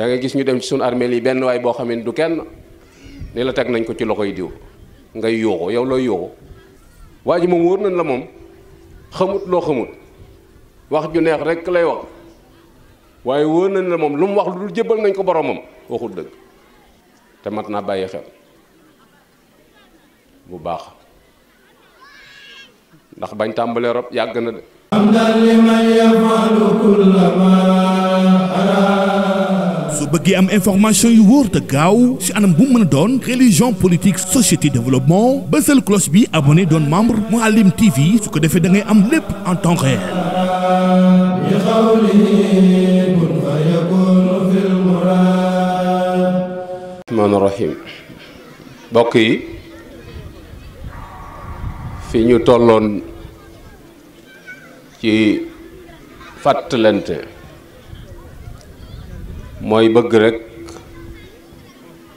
da ngay gis ñu dem ci suñu armeel yi benn waay boo xam du kenn ni la teg nañ ko ci loxoy diw ngay yuuxu yow looy yuuxu waa ji moom wóor nañ la moom xamut loo xamut wax ju neex rek lay wax waaye wóor nañ la moom lu mu wax lu dul jébbal nañ ko boromam waxul dëgg te mat naa bàyyi xel bu baax ndax bañ tàmbalee rob yàgg na de. su bëggee am information yu wóor te gaaw si anam bu mën a doon religion politique société développement bësal cloche bi abonné doon membre Mouhalim TV su ko defee dangay am lépp en temps réel rahmaani rahim mbokk yi fi ñu tolloon ci fàttalante mooy bëgg rekk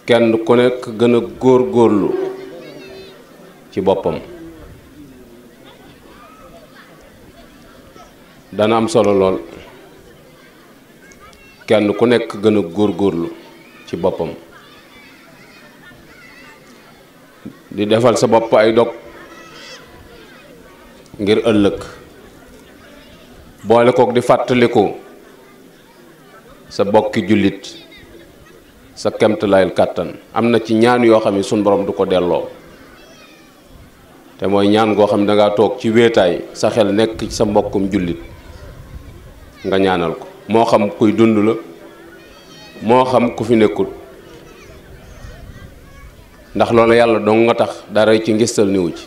kenn ku nekk gën a góorgóorlu ci boppam dana am solo lool kenn ku nekk gën a góor góorlu ci boppam di defal sa bopp ay dog ngir ëllëg boole kook di fàttaliku sa bokki jullit sa kemtlayel kàttan am na ci ñaan yoo xam ne suñ borom du ko delloo te mooy ñaan goo xam ne dangaa toog ci wéetaay sa xel nekk ci sa mbokkum jullit nga ñaanal ko moo xam kuy dund la moo xam ku fi nekkul ndax loolu yàlla dong nga tax dara ci ngistal niwu ci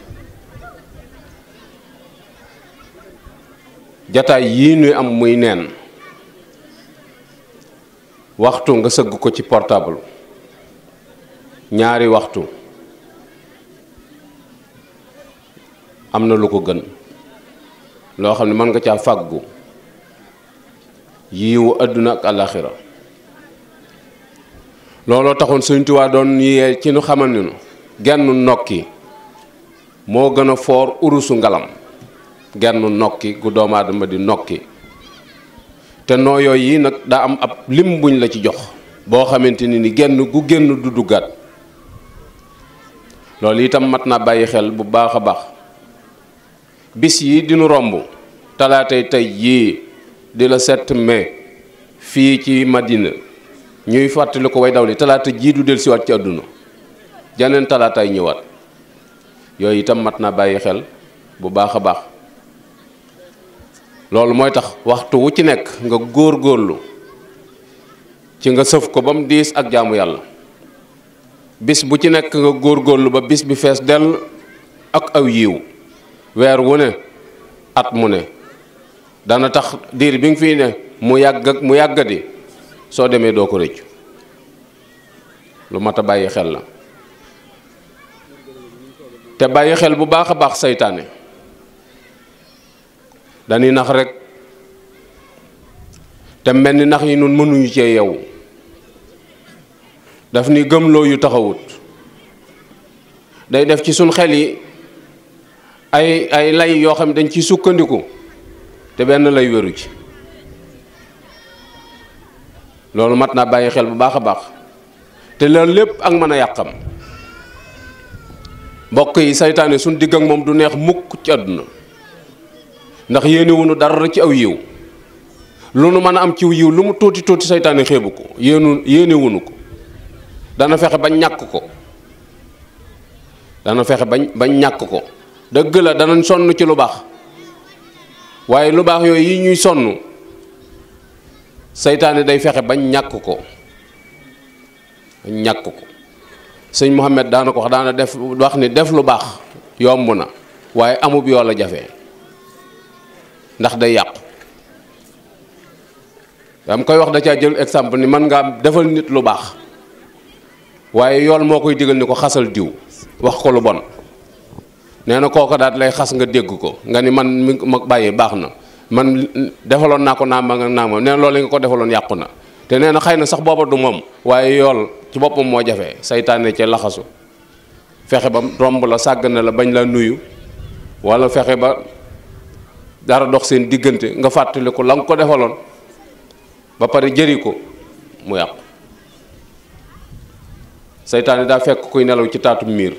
jataay yii ñuy am muy nenn waxtu nga sëgg ko ci portable ñaari waxtu am na lu ko gën loo xam ne mën nga caa fàggu yiwu àdduna ak àllaaxira looloo taxoon Sëñ Tuubaa doon yee ci nu xamal ni nu genn nokki moo gën a foor urusu ngalam genn nokki gu doomu di nokki te noo yooyu yi nag daa am ab lim buñ la ci jox boo xamante ni ni genn gu génn du duggaat loolu itam mat naa bàyyi xel bu baax a baax bis yi dinu romb talaatay tey yii di la 7 mai fii ci Madina ñuy fàttali ko way dawle talaata jii du del siwaat ci àdduna janeen talaataay ñëwaat yooyu itam mat naa bàyyi xel bu baax a baax loolu mooy tax waxtu wu ci nekk nga góor-góorlu ci nga sëf ko ba mu diis ak jaamu yàlla bis bu ci nekk nga góor-góorlu ba bis bi fees dell ak aw yiw weer wu ne at mu ne dana tax diir bi nga fiy ne mu yàgg ak mu yàggadi soo demee doo ko rëccu lu mat a bàyyi xel la te bàyyi xel bu baax a baax seytaane dañuy nax rek te mel ni nax yi nun mënuñu cee yow daf ni gëmloo yu taxawut day def ci suñ xel yi ay ay lay yoo xam dañ ci sukkandiku te benn lay wéru ci loolu mat naa bàyyi xel bu baax a baax te loolu lépp ak mën a yàqam mbokk yi seytaane suñ digg ak moom du neex mukk ci àdduna ndax yéene wuñu dara ci aw yiw lu nu mën a am ciw yiw lu mu tuuti tuuti seytaane xeebu ko yéenu yéene ko dana fexe ba ñàkk ko dana fexe bañ bañ ñàkk ko dëgg la danañ sonn ci lu baax waaye lu baax yooyu yi ñuy sonn seytaane day fexe bañ ñàkk ko ñàkk ko sëñ Mouhamed daana ko wax daana def wax ni def lu baax yomb na waaye amub yoo la jafe ndax day yàqu dam koy wax da caa jël exemple ni man ngaa defal nit lu baax waaye yoon moo koy digal ni ko xasal diw wax ko lu bon nee na kooka daat lay xas nga dégg ko nga ni man mi ma bàyyi baax na man defaloon naa ko naam nga naam nee na loolu nga ko defaloon yàqu na te nee na xëy na sax booba du moom waaye yool ci boppam moo jafe seytaane ci laxasu fexe ba romb la sàgg na la bañ laa nuyu wala fexe ba dara dox seen diggante nga fàttali ko la nga ko defaloon ba pare jëri ko mu yàqu seytaane daa fekk kuy nelaw ci taatu miir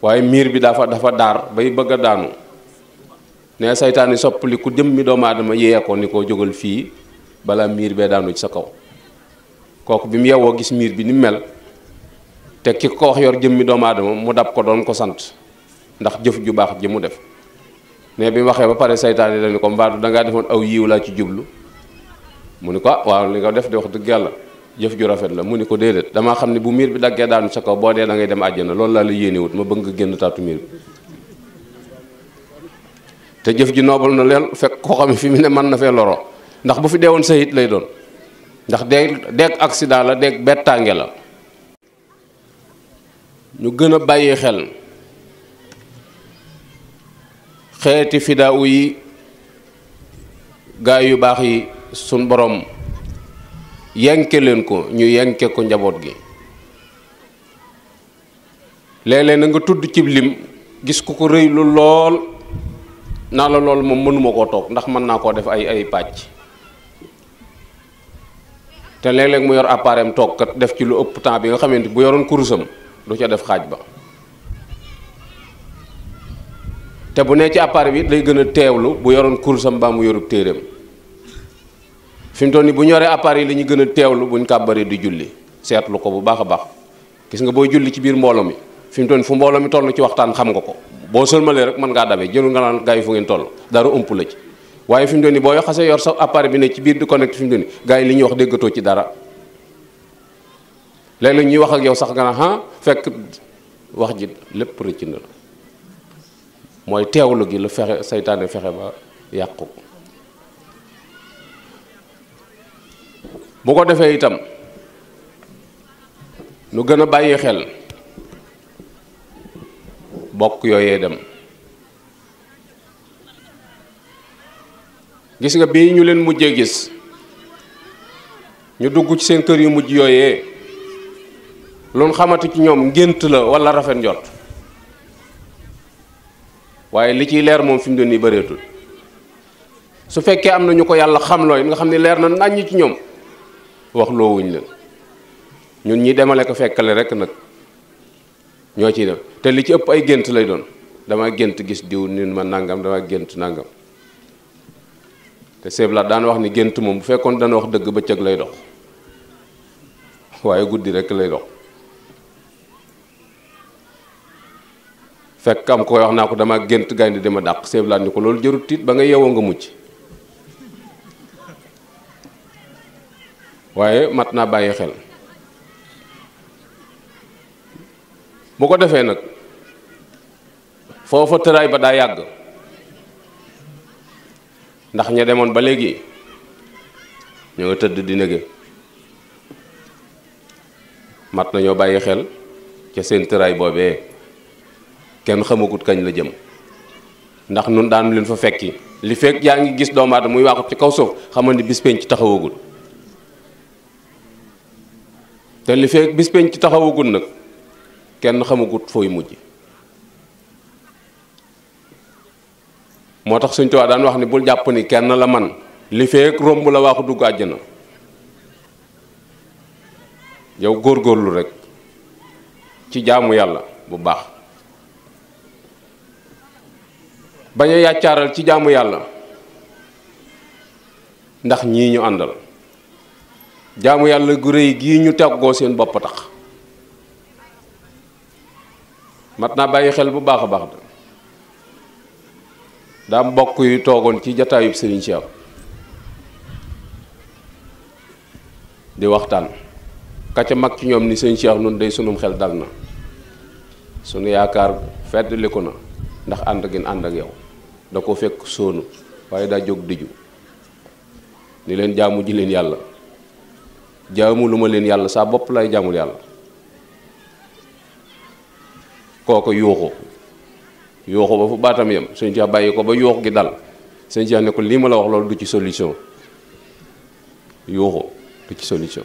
waaye miir bi dafa dafa daar bay bëgg a daanu ne seytaane soppaliku ku jëm mi doomu aadama yee ko ni ko jógal fii balaa miir bee daanu ci sa kaw kooku bi mu yewoo gis miir bi ni mel te ki ko wax yor jëmmi doomu aadama mu dab ko doon ko sant ndax jëf ju baax ji mu def mais bi waxee ba pare seytaane dañu ko mbaatu da ngaa defoon aw yiw laa ci jublu mu ni ko ah waaw li nga def de wax dëgg yàlla jëf ju rafet la mu ni ko déedéet damaa xam ne bu miir bi daggee daanu sa kaw boo dee da ngay dem àjjana loolu laa la yéenewut ma bëgg nga génn taatu miir bi te jëf ji noobal na leen fekk koo xam ne fi mu ne mën na fee loro ndax bu fi dee deewoon sayit lay doon ndax dee deeg accident la deeg bettaange la ñu gën a bàyyee xel xeeti fidaawu yi gaay yu baax yi sun borom yenke leen ko ñu yenke ko njaboot gi léeg-léeg na nga tudd cib lim gis ku ko rëy lu lool naa la lool moom mënuma koo toog ndax mën naa koo def ay ay pàcc te léeg-léeg mu yor appareil am toog kat def ci lu ëpp temps bi nga xamante bu yoroon kurusam du ca def xaaj ba te bu nee ci appareil bi lay gën a teewlu bu yoroon kursam mbaa mu yorub téereem fi mu toll nii bu ñu yoree appareil yi la ñu gën a teewlu buñ kàbbaree di julli seetlu ko bu baax a baax gis nga booy julli ci biir mbooloo mi fi mu toll nii fu mbooloo mi toll ci waxtaan xam nga ko boo sëlmalee rek mën ngaa dabee jëlu nga naan gaa fu ngeen toll dara ëmp la ci waaye fi mu toll nii boo xasee yor sa appareil bi ne ci biir di connecté fi mu toll nii gaa li ñuy wax déggatoo ci dara léeg-léeg ñuy wax ak yow sax nga ah, fekk wax ji lépp rëcc na la mooy teewlu gi lu fexe seytaane fexe ba yàqu bu ko defee itam nu gën a bàyyi xel bokk yooyee dem gis nga bii ñu leen mujjee gis ñu dugg ci seen kër yu mujj yooyee lu nu xamatu ci ñoom ngént la walla rafet njot waaye li ciy leer moom fi mu doon nii bëreetul su fekkee am na ñu ko yàlla xamloo yi nga xam ne leer na naññ ci ñoom wax loo wuñ leen ñun ñi demale ko fekkale rek nag ñoo ciy dem te li ci ëpp ay gént lay doon dama gént gis diw nit ma nangam dama gént nangam te seblaat daan wax ni gént moom bu fekkoon dana wax dëgg ba cëg lay dox waaye guddi rekk lay dox fekk am ko koy wax naa ko dama gént gaynde dama dàq seeblaat ni ko loolu jarut tiit ba nga yeewoo nga mucc waaye mat naa bàyyi xel bu ko defee nag foofa tëraay ba daa yàgg ndax ña demoon ba léegi ñu tëdd di nége mat nañoo bàyyi xel ca seen tëraay boobee kenn xamagut kañ la jëm ndax nun daanu leen fa fekki li fekk yaa ngi gis doomu aadama muy waaxut ci kaw suuf xamal ni bis penc ci taxawagul te li fekk bis penc ci taxawagul nag kenn xamagut fooy mujj moo tax suñ daan wax ni bul jàpp ni kenn la man li fekk romb la waaxu dugg àjjana yow góorgóorlu rek ci jaamu yàlla bu baax bañ a yàccaaral ci jaamu yàlla ndax ñii ñu àndal jaamu yàlla gu rëy gii ñu tàggoo seen bopp tax mat naa bàyyi xel bu baax a baax da daa mbokk yu toogoon ci jataayub Serigne Cheikh di waxtaan kacca mag ci ñoom ni Serigne Cheikh nun day sunum xel dal na sunu yaakaar feddliku na ndax ànd gin ànd ak yow da ko fekk sóonu waaye daa jóg diju ni leen jaamu ji leen yàlla jaamu lu ma leen yàlla saa bopp laay jaamul yàlla kooko yuuxu yuuxu ba fu baatam yam sëñ Cheikh bàyyi ko ba yuux gi dal sëñ Cheikh ne ko lii ma la wax loolu du ci solution yuuxu du ci solution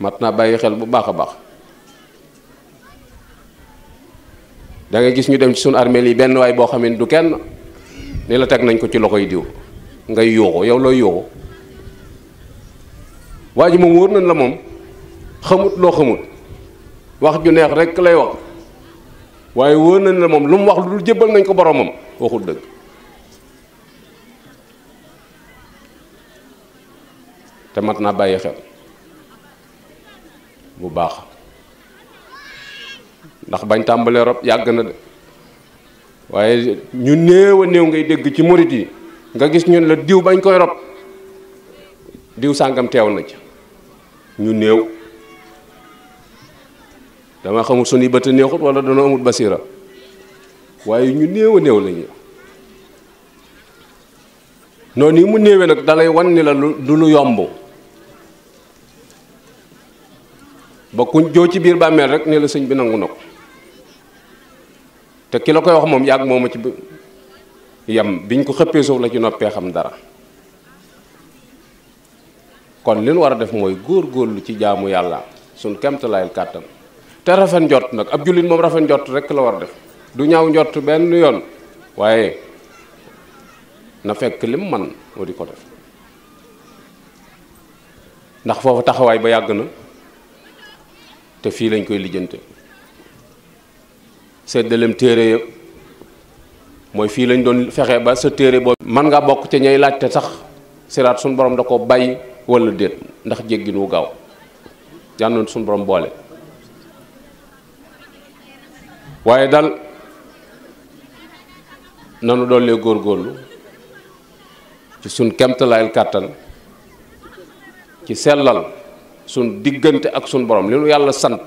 mat naa bàyyi xel bu baax a baax dangay gis ñu dem ci suñu armeel yi benn waay boo xam ne du kenn ni la teg nañ ko ci loxoy diw ngay yuuxu yow looy yuuxu waa ji moom wóor nañ la moom xamut loo xamut wax ju neex rekk lay wax waaye wóor nañ la moom lu mu wax lu dul jébbal nañ ko boromam waxul dëgg te mat naa bàyyi xel bu baax ndax bañ tàmbalee rob yàgg na de waaye ñu néew a néew ngay dégg ci murit yi nga gis ñun la diw bañ koy rob diw sàngam teew na ci ñu néew dama xamul suñuy bët a neexut wala dana amut basira waaye ñu néew a néew lañu noonu yi mu néewee nag dalay wan ni la du lu yomb ba kuñ joo ci biir bàmmeel rek ne la sëñ bi nangu na ko te ki koy wax moom yàgg mooma ci yem biñ ko xëppee suuf la ci noppee xam dara kon li war a def mooy góor góorgóorlu ci jaamu yàlla suñ kemtalayel kàttan te rafet njort nag ab jullit moom rafet njort rek la war a def du ñaw njot benn yoon waaye na fekk lim man moo di ko def ndax foofu taxawaay ba yàgg na te fii lañ koy lijjante séddaleem téere ya mooy fii lañ doon fexe ba sa téere boobu man nga bokk ca ñay laajte sax siraat suñu borom da ko bàyyi wala déet ndax jéggin wu gaaw yàlla na suñu borom boole waaye daal nanu dollee góorgóorlu ci suñ kemtalaayal kàttan ci sellal suñ diggante ak suñ borom li nu yàlla sant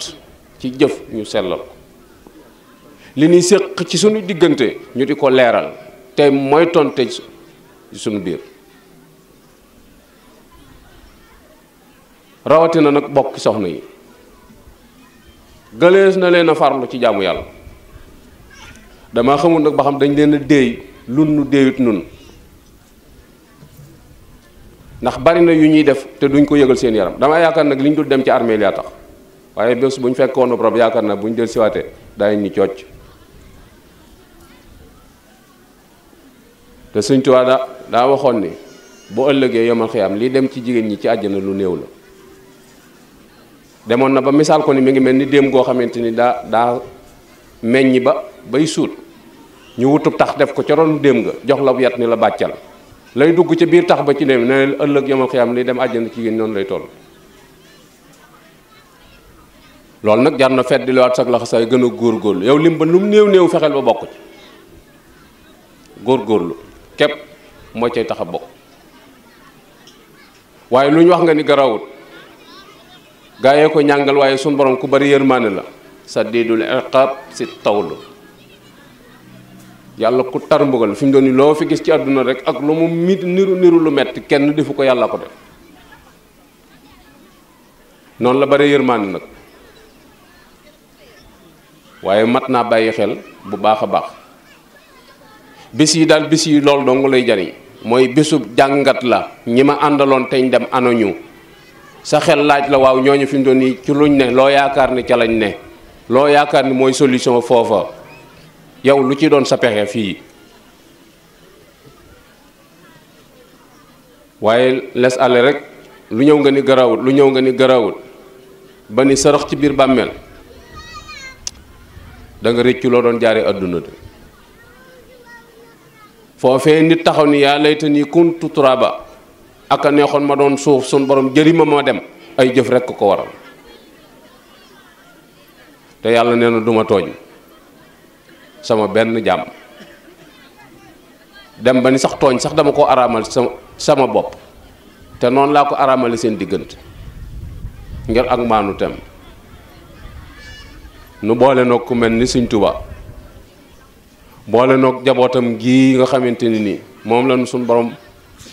ci jëf ñu sellal ko li nuy séq ci suñu diggante ñu di ko leeral tey mooy tonte suñu biir rawatina nag bokk soxna yi gëlees na leen a farlu ci jaamu yàlla dama xamul nag ba xam dañ leen a déey lun nu déeyut nun ndax bari na yu ñuy def te duñ ko yëgal seen yaram dama yaakaar nag li ñu dul dem ci armée yaa tax waaye bés bu ñu fekkoon rab yaakaar naa bu ñu del siwaate daañu ñu cocc te sëñ daa waxoon ni bu ëllëgee yomal xiyaam lii dem ci jigéen ñi ci àjjana lu néew la demoon na ba misaal ko ni mi ngi mel ni déem goo xamante ni daa daa meññ ba bay suut ñu wutub tax def ko ca ron déem nga jox la yat ni la bàccal lay dugg ca biir tax ba ci dem ne ëllëg yomal xiyaam lii dem àjjana ci jigéen noonu lay toll loolu nag jar na fet di liwaat sag laxasaay gën a góorgóorlu yow lim ba lu néew néew fexeel ba bokk ci góorgóorlu képp moo cay tax bokk waaye lu ñu wax nga ni garawut gaa yee ko ñàngal waaye suñ borom ku bari yërmaane la sadidul iqab si tawlu yàlla ku tar mbugal fi mu ni loo fi gis ci àdduna rek ak lu mu niru niru lu metti kenn defu ko yàlla ko def noonu la bari yërmaane nag waaye mat naa bàyyi xel bu baax a baax bis yi daal bis yi loolu dong lay jariñ mooy bésub jàngat la ñi ma àndaloon teñ dem anoñu sa xel laaj la waaw ñooñu fim doon nii ci luñ ne loo yaakaar ne ca lañ ne loo yaakaar ni mooy solution foofa yow lu ci doon sa pexe fii waaye les aller rek lu ñëw nga ni garawut lu ñëw nga ni garawut ba ni sarax ci biir bàmmeel danga nga rëccu loo doon jaare àdduna de foofee nit taxaw ni yaa layta nii kuntu turaba aka neexoon ma doon suuf sun boroom jëri ma ma dem ay jëf rekk ko waral te yàlla nee na duma tooñ sama benn jàmm dem ba ni sax tooñ sax dama ko araamal sama sama bopp te noonu laa ko araamale seen diggante ngir ak maanu tem nu boole nag ku mel ni Sëñ Tuubaa boole noog jabootam gii nga xamante ni nii moom lañu suñ borom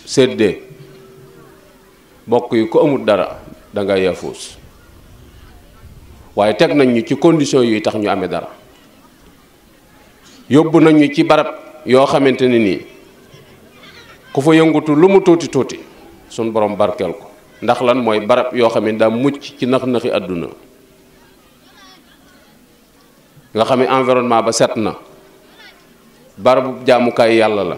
séddee bokk yi ko amul dara da nga waaye teg nañ ñu ci condition yuy tax ñu amee dara yóbbu nañu ci barab yoo xamante ni nii ku fa yëngutu lu mu tuuti tuuti suñ borom barkeel ko ndax lan mooy barab yoo xam ne mucc ci nax-naxi àdduna nga xam ne environnement ba set na barabu jaamukaay yàlla la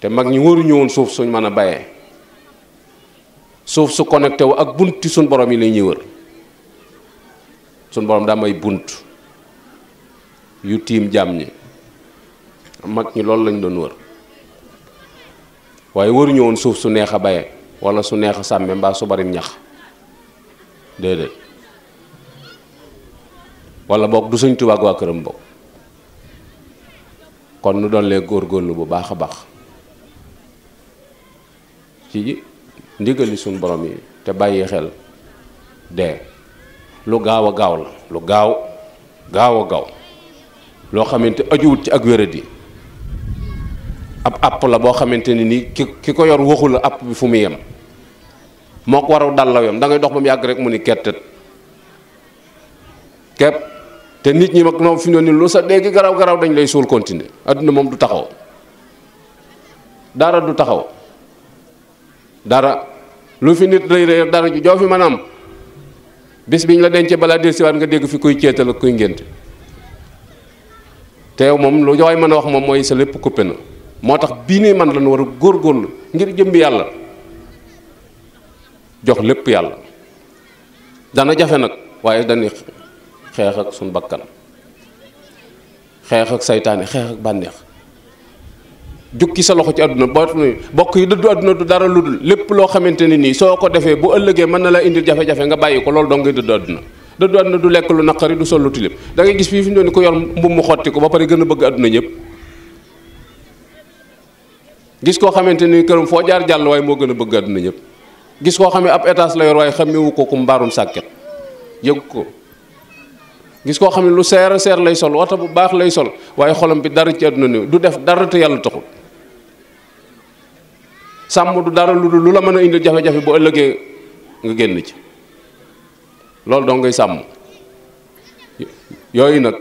te mag ñi waruñu woon suuf suñ mën a bayee suuf su connecté wu ak bunti suñ boroom yi la ñuy wër suñ borom daa bunt yu tiim jaam ñi mag ñi loolu lañ doon wër waaye waruñu woon suuf su neex a baye wala su neex a sàmme mbaa su bari ñax déedéet wala boog du suñ tubaab waa këram bokk kon nu doon lee góorgóorlu bu baax a baax ci ndigali suñu borom yi te bàyyi xel de lu gaaw a gaaw la lu gaaw gaaw a gaaw loo xamante ajuwut ci ak yi ab àpp la boo xamante ni nii ki ki ko yor waxu la àpp bi fu mu yem moo ko waraw dal la yem da dox ba mu yàgg rek mu ni kettet kepp te nit ñi mag ñoom fi ñu ne lu sa dégg garaw garaw dañu lay suul continuer àdduna moom du taxaw dara du taxaw dara lu fi nit rëy rëy dara joo fi mën am bis biñ la dencee balaa dellusiwaat nga dégg fi kuy céetal ak kuy ngént te moom lu waay mën a wax moom mooy sa lépp coupé na moo tax bii nii man lañu war a góor góorlu ngir jëmbi yàlla jox lépp yàlla dana jafe nag waaye dañuy xeex ak suñ bakkan xeex ak saytaane xeex ak bànneex jukki sa loxo ci àdduna boo bokk yi dëddu àdduna du dara lu dul lépp loo xamante ne nii soo ko defee bu ëllëgee mën na la indil jafe-jafe nga bàyyi ko loolu dong ngay dëddu àdduna dëddu àdduna du lekk lu naqari du sol lu tilim dangay gis fii fi mu doon ko yor mbubb mu xotti ko ba pare gën a bëgg àdduna ñëpp gis koo xamante ni këram foo jaar jàll waaye moo gën a bëgg àdduna ñëpp gis koo xam ne ab la yor waaye xamewu ko ku mbaarum sàkket yëg ko gis koo xam ne lu seer seer lay sol wata bu baax lay sol waaye xolam bi dara ci àdduna néew du def dara te yàlla taxul sàmm du dara lu dul lu la mën a indi jafe-jafe bu ëllëgee nga génn ci loolu doo ngay sàmm yooyu nag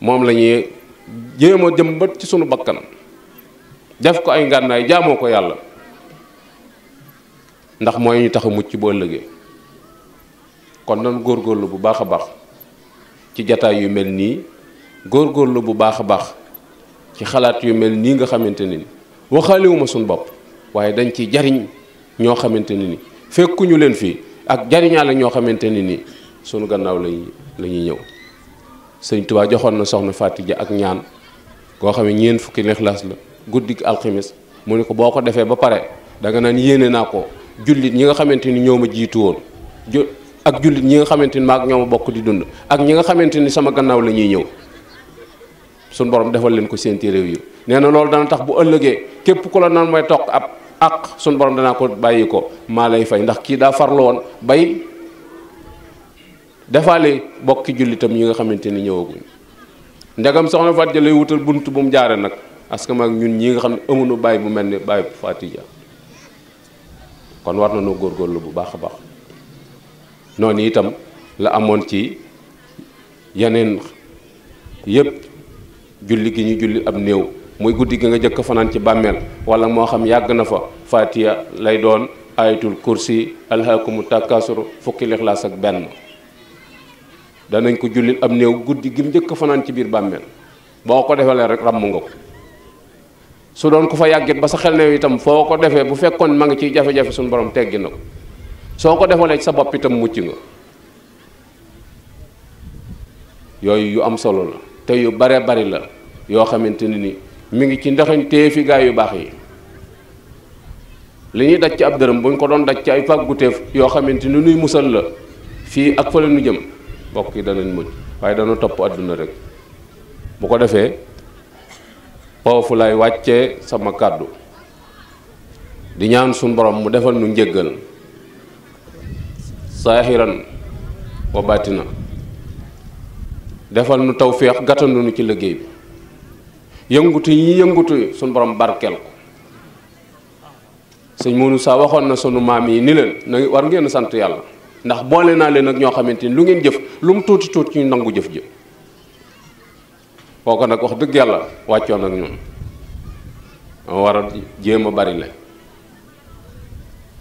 moom lañuy ñuy jéem a jëmbat ci sunu bakkanam def ko ay ngànnaay jaamoo ko yàlla ndax mooy ñu tax a mucc bu ëllëgee kon nan góorgóorlu bu baax a baax ci jataay yu mel nii góor góorgóorlu bu baax a baax ci xalaat yu mel nii nga xamante ne ni waxaalewuma suñ bopp waaye dañ ci jariñ ñoo xamante ne ni fekkuñu leen fii ak la ñoo xamante ne ni sunu gannaaw lañ la ñuy ñëw sëñ Tuubaa joxoon na soxna Faati Ja ak ñaan koo xam ne ñeent fukki lixlaas la guddi alxames mu ne ko boo ko defee ba pare da nga naan yéene naa ko jullit ñi nga xamante ni ñoo ma jiitu woon ak jullit ñi nga xamante ni maag ñoom bokk di dund ak ñi nga xamante ni sama gannaaw la ñuy ñëw suñ borom defal leen ko seen téere yu nee na loolu dana tax bu ëllëgee képp ku la nan mooy toq ab àq suñ borom danaa ko bàyyi ko maa lay fay ndax kii daa farlu woon bay defaale bokki jullitam ñi nga xamante ni ñëwaguñ ndegam soxna Faat Ja lay wutal bunt bu mu jaaree nag parce que maag ñun ñi nga xam ne amuñu bàyyi bu mel ni bàyyi bu Faatija kon war na noo góorgóorlu bu baax a baax noonu itam la amoon ci yeneen yépp julli gi ñu julli ab néew muy guddi gi nga jëkk fanaan ci bàmmeel wala moo xam yàgg na fa fatiya lay doon ayatul kursi alhaakumu takaasur fukki lixlaas ak benn danañ ko jullit ab néew guddi gi mu njëkk fanaan ci biir bàmmeel boo ko defee rek ràmm nga ko su doon ko fa yàggit ba sa xel new itam foo ko defee bu fekkoon ma ngi ciy jafe-jafe suñu borom teggi na ko soo ko defalee ci sa bopp itam mucc nga yooyu yu am solo la te yu bare bari la yoo xamante ne ni mi ngi ci ndaxañ téefi gaay yu baax yi li ñuy daj ci ab dërëm buñ ko doon daj ci ay fàgguteef yoo xamante ni nuy musal la fii ak fa la ñu jëm mbokk yi danañ mujj waaye dana topp àdduna rek bu ko defee foofu lay wàccee sama kàddu di ñaan suñu borom mu defal nu njëggal saahiran wa baatina defal nu tawféex gàttandu nu ci liggéey bi yëngutu yi yëngutu suñ borom barkeel ko sëñ Moodu saa waxoon na sunu maam yi ni leen na war ngeen sant yàlla ndax boole naa leen ak ñoo xamante ni lu ngeen jëf lu mu tuuti tuuti ñu nangu jëf jëf kooku nag wax dëgg yàlla wàccoon ak ñun war a jéem bari la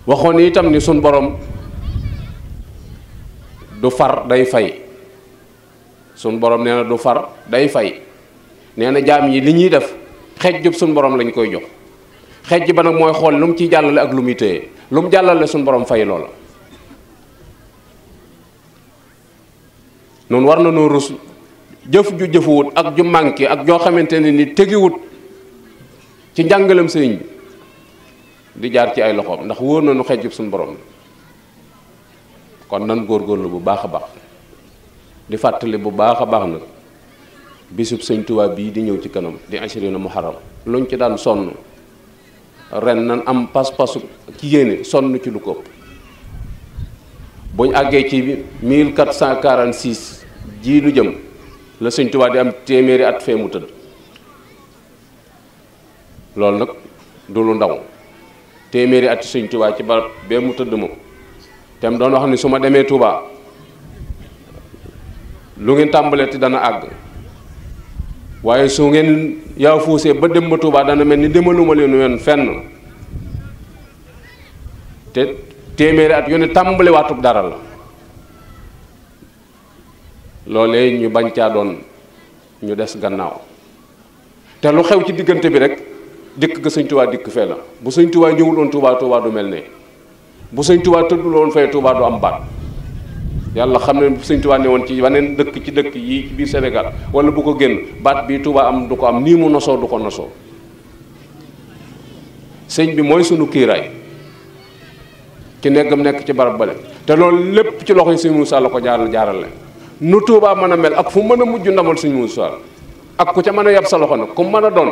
waxoon itam ni sunu borom du far day fay sun borom nee na du far day fay nee na jaam yi li ñuy def xeej jub suñ borom lañ koy jox xeej ba nag mooy xool lu mu ciy jàllale ak lu muy téye lu mu jàllale suñ borom fay loola noonu war na noo rus jëf ju jëfuwut ak ju manqué ak joo xamante ne ni tegiwut ci njàngalam sëriñ bi di jaar ci ay loxoom ndax wóor na nu xeej jub suñ borom kon nan góorlu bu baax a baax di fàttali bu baax a baax nag bisub sëñ Tuubaa bii di ñëw ci kanam di ashirina muharram luñ ci daan sonn ren nan am pas-pasu ci yéene sonn ci lu ko ëpp buñ àggee ci 1446 jii lu jëm la sëñ Tuubaa di am téeméeri at fee mu tëdd loolu nag du lu ndaw téeméeri at sëñ Tuubaa ci barab bee mu tëdd moom tem doon wax ni su ma demee Touba lu ngeen tàmbalee ti dana àgg waaye su ngeen yaa fuusee ba dem ba Touba dana mel ni demaluma leen wenn fenn te téeméeri at yu ne tàmbali waatub dara la loolee ñu bañ caa doon ñu des gannaaw te lu xew ci diggante bi rek dikk ga sëñ Touba dikk fee la bu sëñ Touba ñëwul woon Touba du mel ne bu sëñ tubaa tëddul woon fay tubaa du am baat yàlla xam ne bu sëñ tubaa ne woon ci waneen dëkk ci dëkk yii biir Sénégal wala bu ko génn baat bii tubaa am du ko am nii mu nosoo du ko nosoo sëñ bi mooy sunu kiiraay ci nekkam nekk ci barab bale te lool lépp ci loxoy sëñ Moussa la ko jaaral jaarale nu tuubaa mën a mel ak fu mën a mujj ndamal suñu Moussa ak ku ca mën a yab sa loxo nag ku mën a doon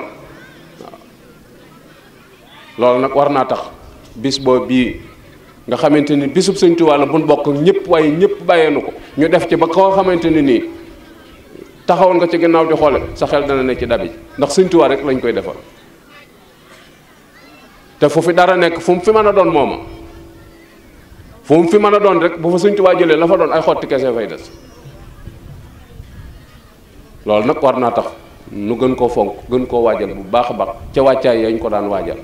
loolu nag war naa tax bis boo bii nga xamante ni bisub sëñ Tuubaa la buñ bokk ñëpp waaye ñëpp bàyyeenu ko ñu def ci ba koo xamante ni nii taxawoon nga ci ginnaaw di xoole sa xel dana ne ci dab yi ndax sëñ Tuubaa rek lañ koy defal te fu fi dara nekk fu mu fi mën a doon mooma fu mu fi mën a doon rek bu fa sëñ jëlee la fa doon ay xotti kese fay des loolu nag war naa tax nu gën koo fonk gën koo waajal bu baax a baax ca wàccaay yañ ko daan waajal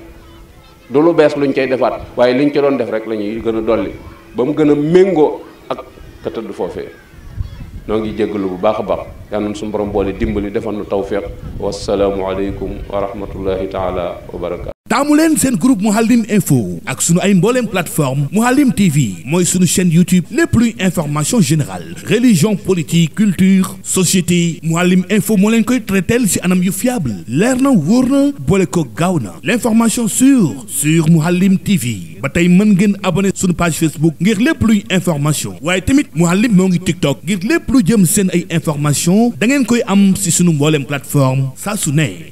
du lu bees luñ cay defaat waaye liñ ci doon def rek la ñuy gën a dolli ba mu gën a méngoo ak ka tëdd foofee noo ngi jéggalu bu baax a baax yàlla suñu borom boole dimbali defal nu tawfiq wasalaamu aleykum wa rahmatullahi taala wa taamu leen seen groupe Mouhalim Info ak sunu ay mbooleem plateforme Mouhalim TV mooy sunu chaîne YouTube lépp luy information générale religion politique culture société Mouhalim Info moo leen koy traiteel ci anam yu fiable leer na wóor na boole ko gaaw na l'information sur sur Mouhalim TV ba tey mën ngeen abone sunu page Facebook ngir lépp luy information waaye tamit Mouhalim moo ngi TikTok ngir lépp lu jëm seen ay information da ngeen koy am ci sunu mbooleem plateforme saa su ne